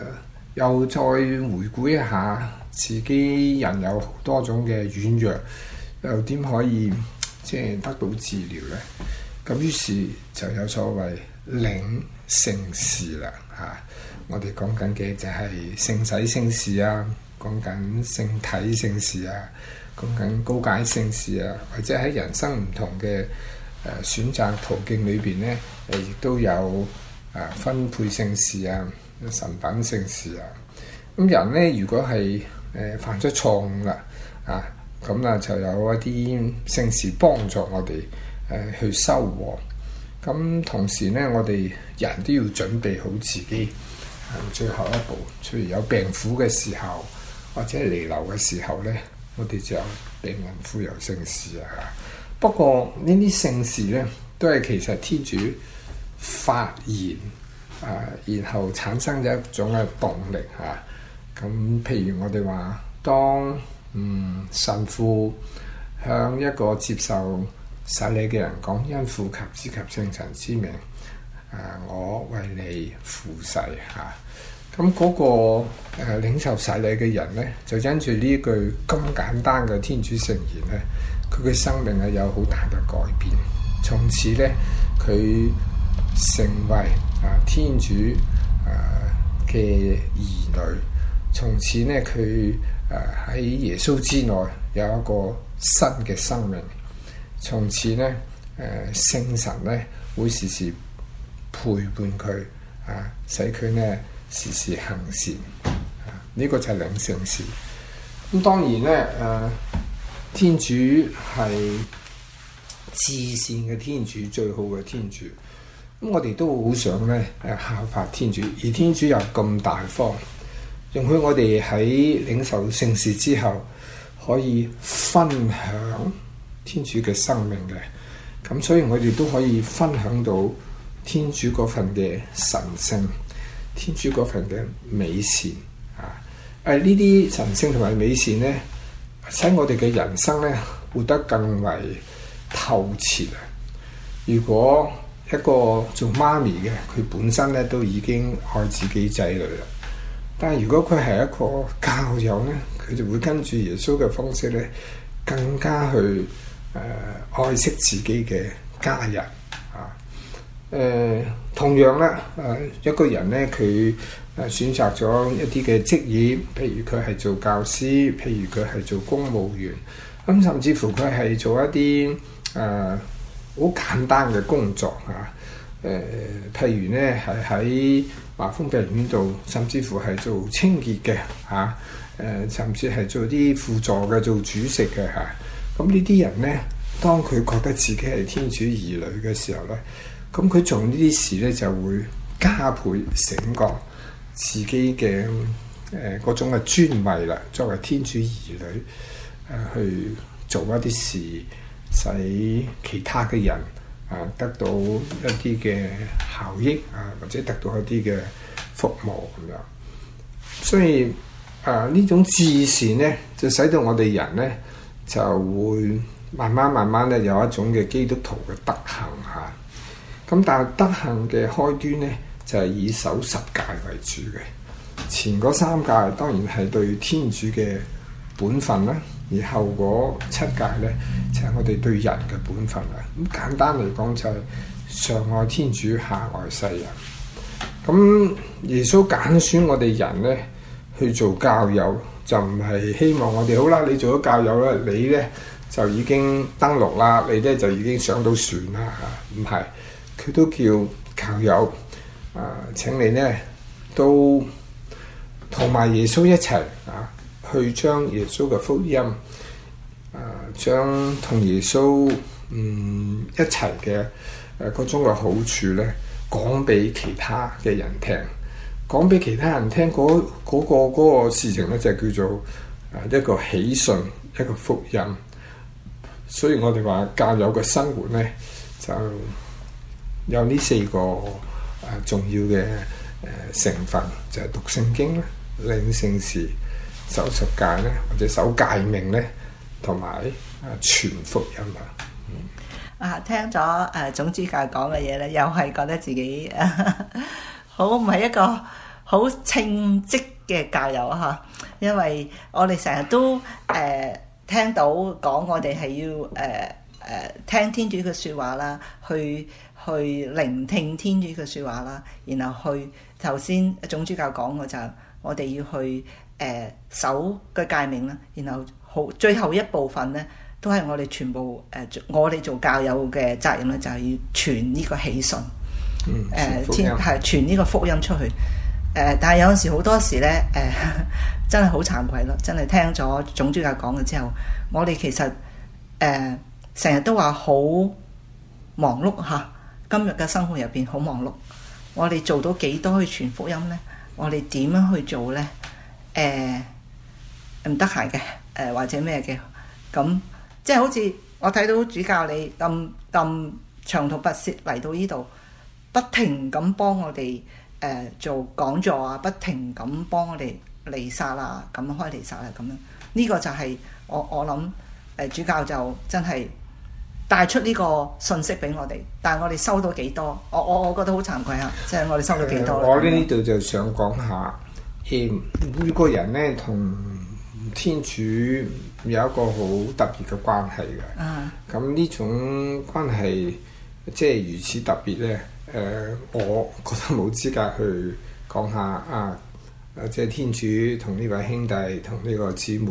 又再回顧一下自己人有好多種嘅軟弱，又點可以即係、呃、得到治療呢？咁於是就有所謂領聖事啦嚇、啊，我哋講緊嘅就係聖洗聖事啊。講緊聖體聖事啊，講緊告解聖事啊，或者喺人生唔同嘅誒選擇途徑裏邊咧，誒亦都有啊婚配聖事啊、神品聖事啊。咁人咧，如果係誒犯咗錯誤啦，啊咁啊就有一啲聖事幫助我哋誒、啊、去收穫。咁同時咧，我哋人都要準備好自己，啊、最後一步，譬如有病苦嘅時候。或者彌留嘅時候呢，我哋就有病人傅油聖事啊。不過呢啲聖事呢，都係其實天主發言啊，然後產生咗一種嘅動力嚇。咁、啊、譬如我哋話，當嗯神父向一個接受洗禮嘅人講：因父及子及聖神之名，啊，我為你付洗。啊」嚇。咁嗰個誒領受洗禮嘅人呢，就因住呢句咁簡單嘅天主聖言呢，佢嘅生命係有好大嘅改變。從此呢，佢成為啊天主嘅兒女。從此呢，佢誒喺耶穌之內有一個新嘅生命。從此呢，誒聖神呢會時時陪伴佢啊，使佢呢，時時行善，呢、啊，這個就係領聖事。咁當然咧，誒、啊，天主係至善嘅天主，最好嘅天主。咁我哋都好想咧，誒，效法天主。而天主又咁大方，容許我哋喺領受聖事之後，可以分享天主嘅生命嘅。咁所以我哋都可以分享到天主嗰份嘅神性。天主嗰份嘅美善啊！誒，呢啲神聖同埋美善呢，使我哋嘅人生呢，活得更為透徹。如果一個做媽咪嘅，佢本身呢都已經愛自己仔女啦，但係如果佢係一個教友呢，佢就會跟住耶穌嘅方式呢更加去誒、呃、愛惜自己嘅家人。誒、呃、同樣啦，誒、呃、一個人咧，佢誒選擇咗一啲嘅職業，譬如佢係做教師，譬如佢係做公務員，咁甚至乎佢係做一啲誒好簡單嘅工作嚇。誒譬如咧，係喺華豐病院度，甚至乎係做，、呃啊呃、做清潔嘅嚇，誒、啊呃、甚至係做啲輔助嘅，做主食嘅嚇。咁、啊嗯、呢啲人咧，當佢覺得自己係天主兒女嘅時候咧。咁佢做呢啲事咧，就會加倍醒覺自己嘅誒嗰種嘅尊位啦。作為天主兒女，誒、呃、去做一啲事，使其他嘅人啊得到一啲嘅效益啊，或者得到一啲嘅服務咁樣。所以啊，呃、種智呢種慈善咧，就使到我哋人咧就會慢慢慢慢咧有一種嘅基督徒嘅德行嚇。啊。咁但係德行嘅開端呢，就係、是、以守十戒為主嘅。前嗰三戒當然係對天主嘅本分啦，而後嗰七戒呢，就係、是、我哋對人嘅本分啦。咁簡單嚟講，就係上愛天主，下愛世人。咁、嗯、耶穌揀選我哋人呢去做教友，就唔係希望我哋好啦。你做咗教友啦，你呢就已經登陸啦，你呢就已經上到船啦嚇，唔、啊、係。佢都叫教友，啊，請你呢都同埋耶穌一齊啊，去將耶穌嘅福音，啊，將同耶穌嗯一齊嘅誒各種嘅好處呢講俾其他嘅人聽，講俾其他人聽，嗰嗰個嗰個事情呢，就叫做啊一個喜訊，一個福音。所以我哋話教友嘅生活呢，就。有呢四個誒重要嘅誒成分，就係、是、讀聖經咧、領聖事、守十戒咧、或者守戒命咧，同埋誒傳福音啊！嗯、啊，聽咗誒總主教講嘅嘢咧，又係覺得自己呵呵好唔係一個好稱職嘅教友啊！嚇，因為我哋成日都誒、呃、聽到講我哋係要誒誒、呃、聽天主嘅説話啦，去。去聆聽天主嘅說話啦，然後去頭先總主教講嘅就係我哋要去誒、呃、守嘅誡命啦，然後好最後一部分咧都係我哋全部誒、呃，我哋做教友嘅責任咧就係要傳呢個喜訊誒，係、嗯、傳呢、呃、個福音出去誒、呃。但係有陣時好多時咧誒、呃，真係好慚愧咯，真係聽咗總主教講嘅之後，我哋其實誒成、呃、日都話好忙碌吓。今日嘅生活入邊好忙碌，我哋做到幾多去傳福音呢？我哋點樣去做呢？誒、呃，唔得閒嘅誒，或者咩嘅？咁即係好似我睇到主教你咁咁長途跋涉嚟到呢度，不停咁幫我哋誒、呃、做講座啊，不停咁幫我哋彌撒啦，咁開彌撒啦，咁樣呢個就係、是、我我諗誒主教就真係。帶出呢個信息俾我哋，但係我哋收到幾多？我我我覺得好慚愧啊！即係我哋收到幾多呢，我呢度就想講一下，欸，每個人咧同天主有一個好特別嘅關係嘅。嗯。咁呢種關係即係如此特別咧。誒，我覺得冇資格去講下啊！即係天主同呢位兄弟同呢個姊妹，誒，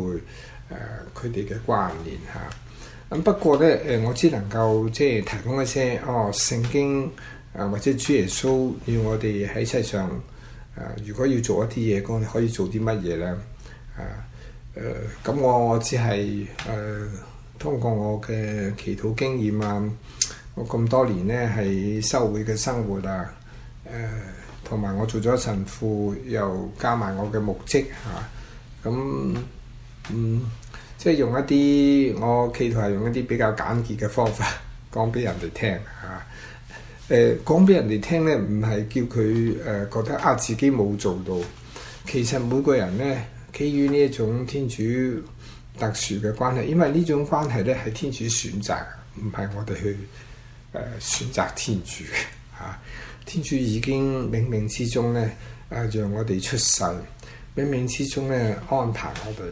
佢哋嘅關聯嚇。咁不過咧，誒我只能夠即係提供一些哦聖經啊、呃、或者主耶穌要我哋喺世上誒、呃，如果要做一啲嘢，咁可以做啲乜嘢咧？啊咁、呃嗯、我只係誒、呃、通過我嘅祈禱經驗啊，我咁多年咧喺修會嘅生活啊，誒同埋我做咗神父又加埋我嘅牧職嚇，咁、啊、嗯。嗯。即係用一啲，我企圖係用一啲比較簡潔嘅方法講俾人哋聽嚇。誒、啊呃、講俾人哋聽咧，唔係叫佢誒、呃、覺得啊自己冇做到。其實每個人咧，基於呢一種天主特殊嘅關係，因為呢種關係咧係天主選擇，唔係我哋去誒、呃、選擇天主嘅嚇、啊。天主已經冥冥之中咧啊，讓我哋出世，冥冥之中咧安排我哋。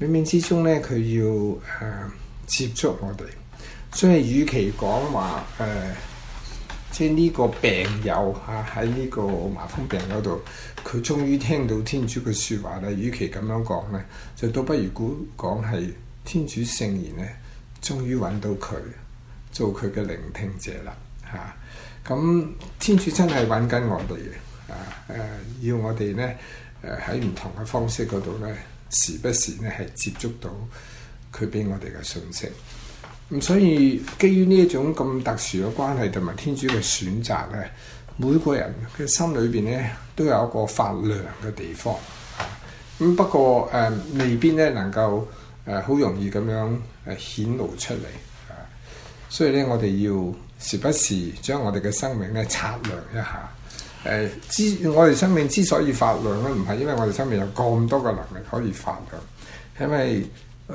冥冥之中咧，佢要誒、啊、接觸我哋，所以與其講話誒，即係呢個病友嚇喺呢個麻風病友度，佢終於聽到天主嘅説話咧。與其咁樣講咧，就倒不如估講係天主聖言咧，終於揾到佢做佢嘅聆聽者啦嚇。咁、啊啊、天主真係揾緊我哋啊誒、啊，要我哋咧誒喺唔同嘅方式嗰度咧。時不時咧係接觸到佢俾我哋嘅信息，咁所以基於呢一種咁特殊嘅關係同埋天主嘅選擇咧，每個人嘅心裏邊咧都有一個發涼嘅地方，咁不過誒未必咧能夠誒好、呃、容易咁樣誒顯露出嚟，所以咧我哋要時不時將我哋嘅生命咧擦亮一下。誒之、嗯，我哋生命之所以發亮咧，唔係因為我哋生命有咁多個能力可以發亮，係因為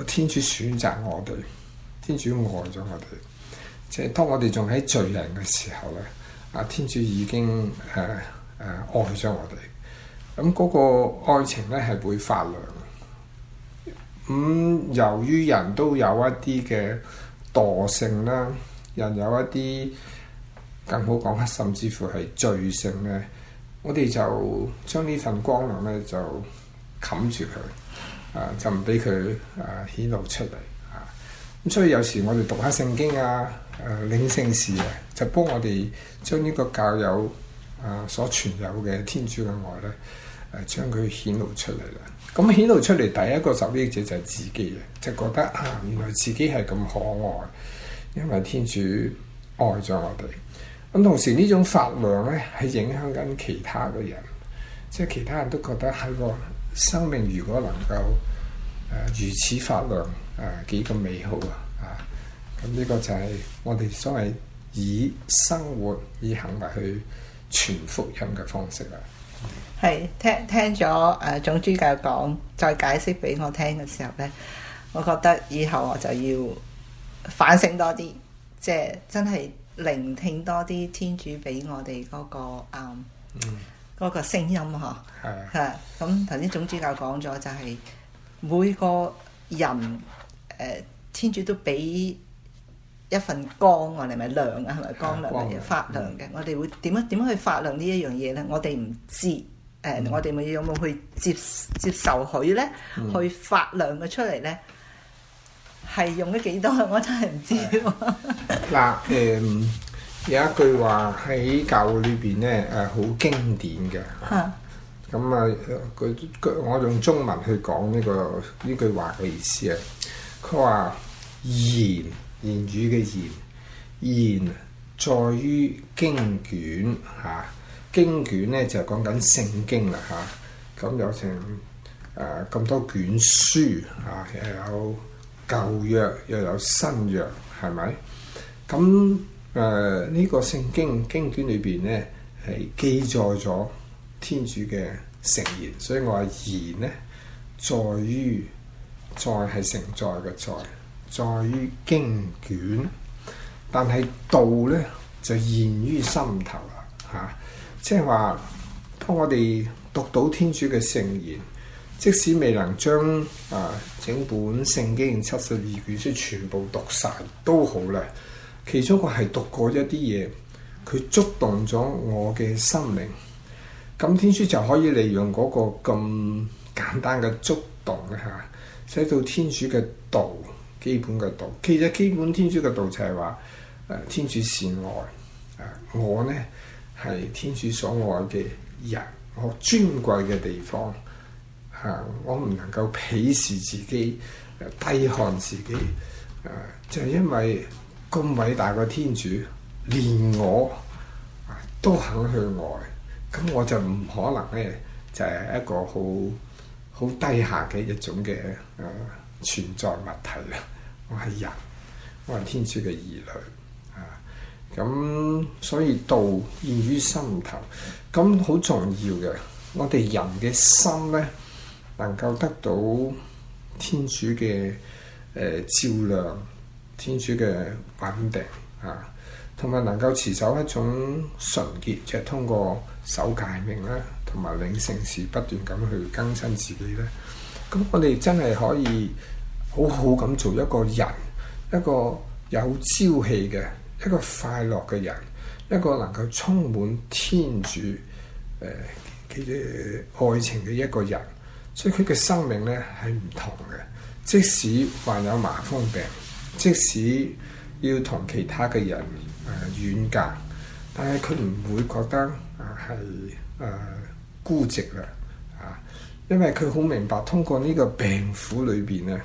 天主選擇我哋，天主愛咗我哋。即係當我哋仲喺罪人嘅時候咧，阿天主已經誒誒、啊啊、愛咗我哋。咁嗰個愛情咧係會發亮。咁、嗯、由於人都有一啲嘅惰性啦，人有一啲。更好講啊，甚至乎係罪性咧。我哋就將呢份光亮咧，就冚住佢啊，就唔俾佢啊顯露出嚟啊。咁所以有時我哋讀下聖經啊，誒、啊，領聖事啊，就幫我哋將呢個教友啊所存有嘅天主嘅愛咧，誒、啊，將佢顯露出嚟啦。咁、啊、顯露出嚟，第一個受益者就係自己嘅、啊，就覺得啊，原來自己係咁可愛，因為天主愛咗我哋。咁同時種呢種發亮呢係影響緊其他嘅人，即係其他人都覺得係個、啊、生命，如果能夠、呃、如此發亮，誒、呃、幾咁美好啊！咁、啊、呢個就係我哋所謂以生活以行為去傳福音嘅方式啦。係聽聽咗誒總主教講，再解釋俾我聽嘅時候呢，我覺得以後我就要反省多啲，即、就、係、是、真係。聆聽多啲天主俾我哋嗰、那個、嗯嗯、個啱，嗰個聲音呵，咁頭先總主教講咗就係每個人誒、呃、天主都俾一份光我哋咪亮啊，係咪、啊、光亮嚟、啊、發亮嘅，嗯？我哋會點樣點樣去發亮呢一樣嘢咧？我哋唔知誒，我哋咪有冇去接接受佢咧？去發亮佢出嚟咧？係用咗幾多？我真係唔知嗱，誒、 (laughs) 嗯、有一句話喺教會裏邊咧，誒、啊、好經典嘅。嚇！咁啊，佢佢、啊啊、我用中文去講呢、呢個呢句話嘅意思啊。佢話言言語嘅言，言在於經卷嚇、啊。經卷咧就係講緊聖經啦嚇。咁、啊、有成誒咁、啊、多卷書其實、啊、有。舊約又有新約，係咪？咁誒呢個聖經經卷裏邊咧係記載咗天主嘅聖言，所以我話言呢，在於在係成在嘅在，在於經卷。但係道咧就言於心頭啦，嚇、啊！即係話當我哋讀到天主嘅聖言。即使未能將啊整本聖經七十二卷書全部讀晒都好啦，其中我係讀過一啲嘢，佢觸動咗我嘅生命。咁天書就可以利用嗰個咁簡單嘅觸動咧，嚇、啊，寫到天主嘅道，基本嘅道，其實基本天主嘅道就係話誒天主善愛誒、啊、我呢，係天主所愛嘅人，我尊貴嘅地方。啊！我唔能夠鄙視自己，低看自己。啊，就係、是、因為咁偉大嘅天主，連我、啊、都肯去愛，咁我就唔可能咧，就係、是、一個好好低下嘅一種嘅誒、啊、存在物體啦。我係人，我係天主嘅兒女啊。咁、啊啊、所以道現於心頭，咁好重要嘅。我哋人嘅心咧。能夠得到天主嘅誒、呃、照亮，天主嘅穩定嚇，同、啊、埋能夠持守一種純潔，即係通過守誡命啦，同、啊、埋領聖事不斷咁去更新自己咧。咁、啊、我哋真係可以好好咁做一個人，一個有朝氣嘅一個快樂嘅人，一個能夠充滿天主誒嘅、呃、愛情嘅一個人。所以佢嘅生命咧係唔同嘅，即使患有麻風病，即使要同其他嘅人誒遠、呃、隔，但係佢唔會覺得係誒、呃呃、孤寂啦，啊！因為佢好明白，通過呢個病苦裏邊咧，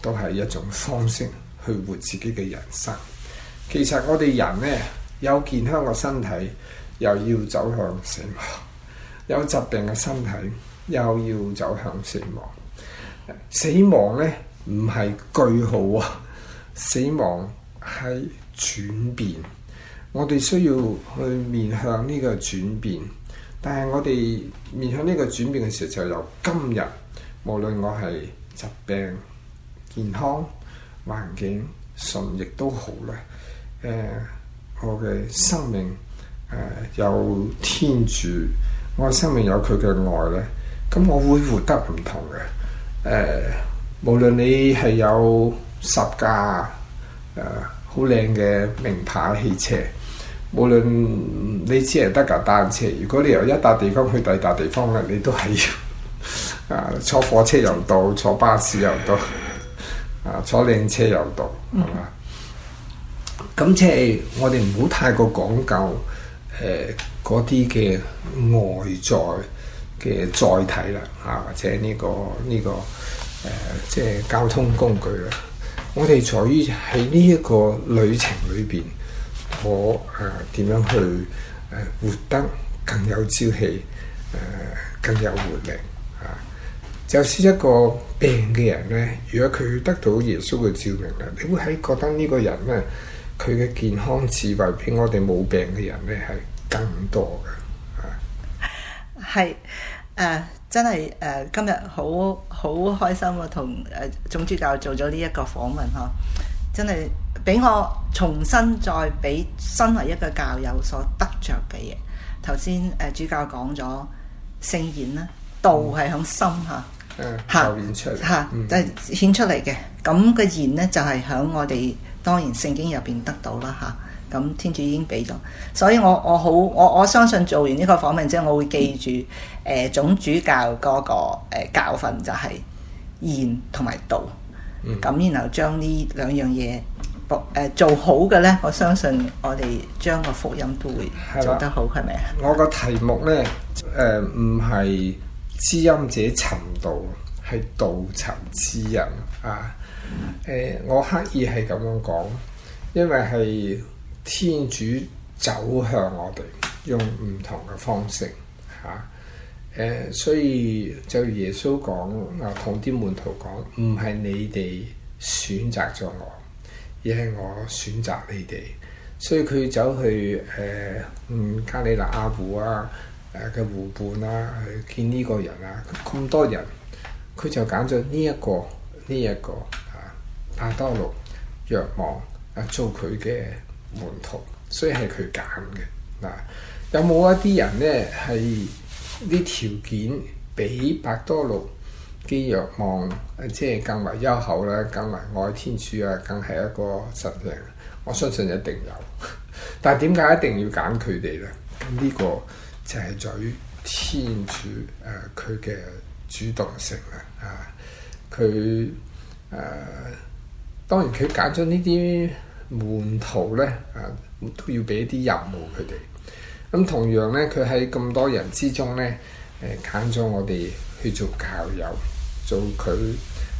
都係一種方式去活自己嘅人生。其實我哋人咧有健康嘅身體，又要走向死亡；有疾病嘅身體。又要走向死亡，死亡咧唔係句號啊！死亡係轉變，我哋需要去面向呢個轉變。但係我哋面向呢個轉變嘅時候，就由今日，無論我係疾病、健康、環境順逆都好咧。誒、呃，我嘅生命誒、呃、有天主，我嘅生命有佢嘅愛咧。咁我會活得唔同嘅，誒、呃，無論你係有十架誒好靚嘅名牌汽車，無論你只係得架單車，如果你由一笪地方去第二笪地方咧，你都係要啊，坐火車又到，坐巴士又到，啊坐靚車又到，係嘛、嗯？咁即係我哋唔好太過講究誒嗰啲嘅外在。嘅載體啦，啊，或者呢、這個呢、這個誒、呃，即係交通工具啦。我哋在於喺呢一個旅程裏邊，我誒點、呃、樣去誒活得更有朝氣，誒、呃、更有活力啊！就算、是、一個病嘅人咧，如果佢得到耶穌嘅照明咧，你會喺覺得呢個人咧，佢嘅健康智慧比我哋冇病嘅人咧係更多嘅。係誒、啊，真係誒、啊，今日好好開心啊！同誒總主教做咗呢一個訪問嗬、啊，真係俾我重新再俾身為一個教友所得着嘅嘢。頭先誒主教講咗聖言啦，道係響心吓，吓吓、嗯嗯、就顯出嚟嘅。咁個言呢，就係響我哋當然聖經入邊得到啦吓。啊啊咁天主已經俾咗，所以我我好我我相信做完呢個訪問之後，我會記住誒總主教嗰個教訓，就係言同埋道。咁、嗯、然後將呢兩樣嘢誒做好嘅咧，我相信我哋將個福音都會做得好，係咪啊？是是我個題目咧誒唔係知音者尋道，係道尋知音啊！誒、呃，我刻意係咁樣講，因為係。天主走向我哋，用唔同嘅方式嚇。誒、啊，所以就耶穌講，啊，同啲門徒講，唔係你哋選擇咗我，而係我選擇你哋。所以佢走去誒，嗯、啊，加里肋亞湖啊，誒、啊、嘅湖畔啊，去見呢個人啊，咁多人，佢就揀咗呢一個呢一、這個嚇，亞、啊、多祿，若望啊，做佢嘅。門徒，所以係佢揀嘅嗱。有冇一啲人咧係啲條件比伯多祿嘅若望，啊、即係更為優厚啦，更為愛天主啊，更係一個實力，我相信一定有。但係點解一定要揀佢哋咧？呢個就係在於天主誒佢嘅主動性啦。啊，佢誒、呃、當然佢揀咗呢啲。門徒咧，啊都要俾啲任務佢哋。咁同樣咧，佢喺咁多人之中咧，誒揀咗我哋去做教友，做佢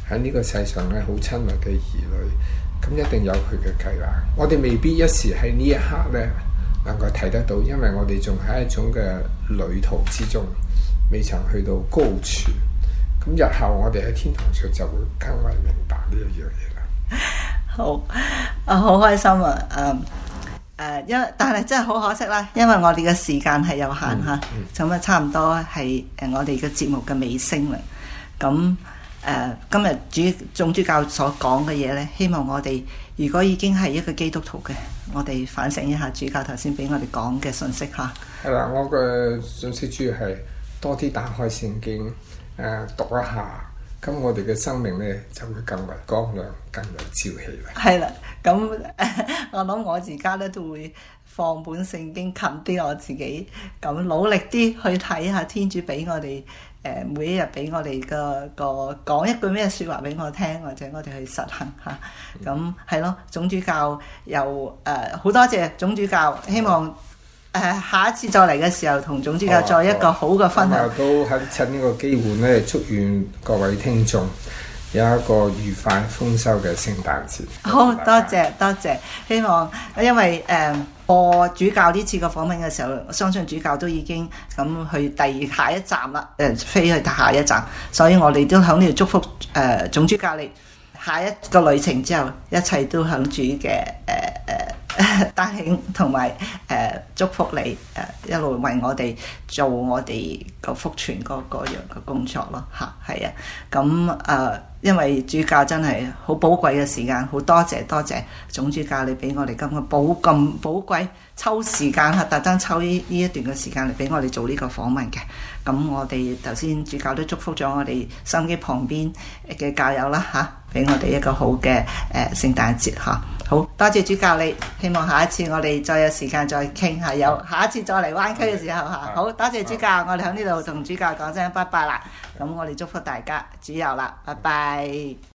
喺呢個世上咧好親密嘅兒女。咁一定有佢嘅計劃。我哋未必一時喺呢一刻咧能夠睇得到，因為我哋仲喺一種嘅旅途之中，未曾去到高處。咁日後我哋喺天堂上就會更為明白呢一樣嘢啦。 (laughs) 好，我、啊、好開心啊！嗯，誒，因為但係真係好可惜啦，因為我哋嘅時間係有限吓、啊、咁、嗯嗯、啊差唔多係誒我哋嘅節目嘅尾聲啦。咁誒今日主總主教所講嘅嘢咧，希望我哋如果已經係一個基督徒嘅，我哋反省一下主教頭先俾我哋講嘅信息吓。係啦，我嘅信息主要係多啲打開聖經，誒、呃、讀一下。咁我哋嘅生命咧就會更為光亮，更為朝氣啦。係啦，咁我諗我而家咧都會放本聖經近啲我自己，咁努力啲去睇下天主俾我哋誒、呃、每一日俾我哋個個講一句咩説話俾我聽，或者我哋去實行嚇。咁係咯，總主教又誒好多謝總主教，希望。下一次再嚟嘅時候，同總主教再一個好嘅分享。哦哦、都肯趁個機呢個機會咧，祝願各位聽眾有一個愉快豐收嘅聖誕節。好、哦、多謝多謝，希望因為誒、呃、我主教呢次嘅訪問嘅時候，我相信主教都已經咁、嗯、去第下一站啦，誒、呃、飛去下一站，所以我哋都喺呢度祝福誒、呃、總主教你下一個旅程之後，一切都響主嘅誒誒。呃丹兄，同埋誒祝福你誒一路為我哋做我哋個復傳嗰樣嘅工作咯吓，係啊，咁、嗯、誒，因為主教真係好寶貴嘅時間，好多謝，謝多謝總主教你俾我哋咁寶咁寶貴抽時間嚇，特登抽呢呢一段嘅時間嚟俾我哋做呢個訪問嘅。咁我哋頭先主教都祝福咗我哋身邊旁邊嘅教友啦吓，俾、啊、我哋一個好嘅誒聖誕節嚇。啊好多謝主教喇，希望下一次我哋再有時間再傾下，有下一次再嚟灣區嘅時候吓。嗯、好，多謝主教，嗯、我哋喺呢度同主教講聲拜拜啦。咁我哋祝福大家主佑啦，拜拜。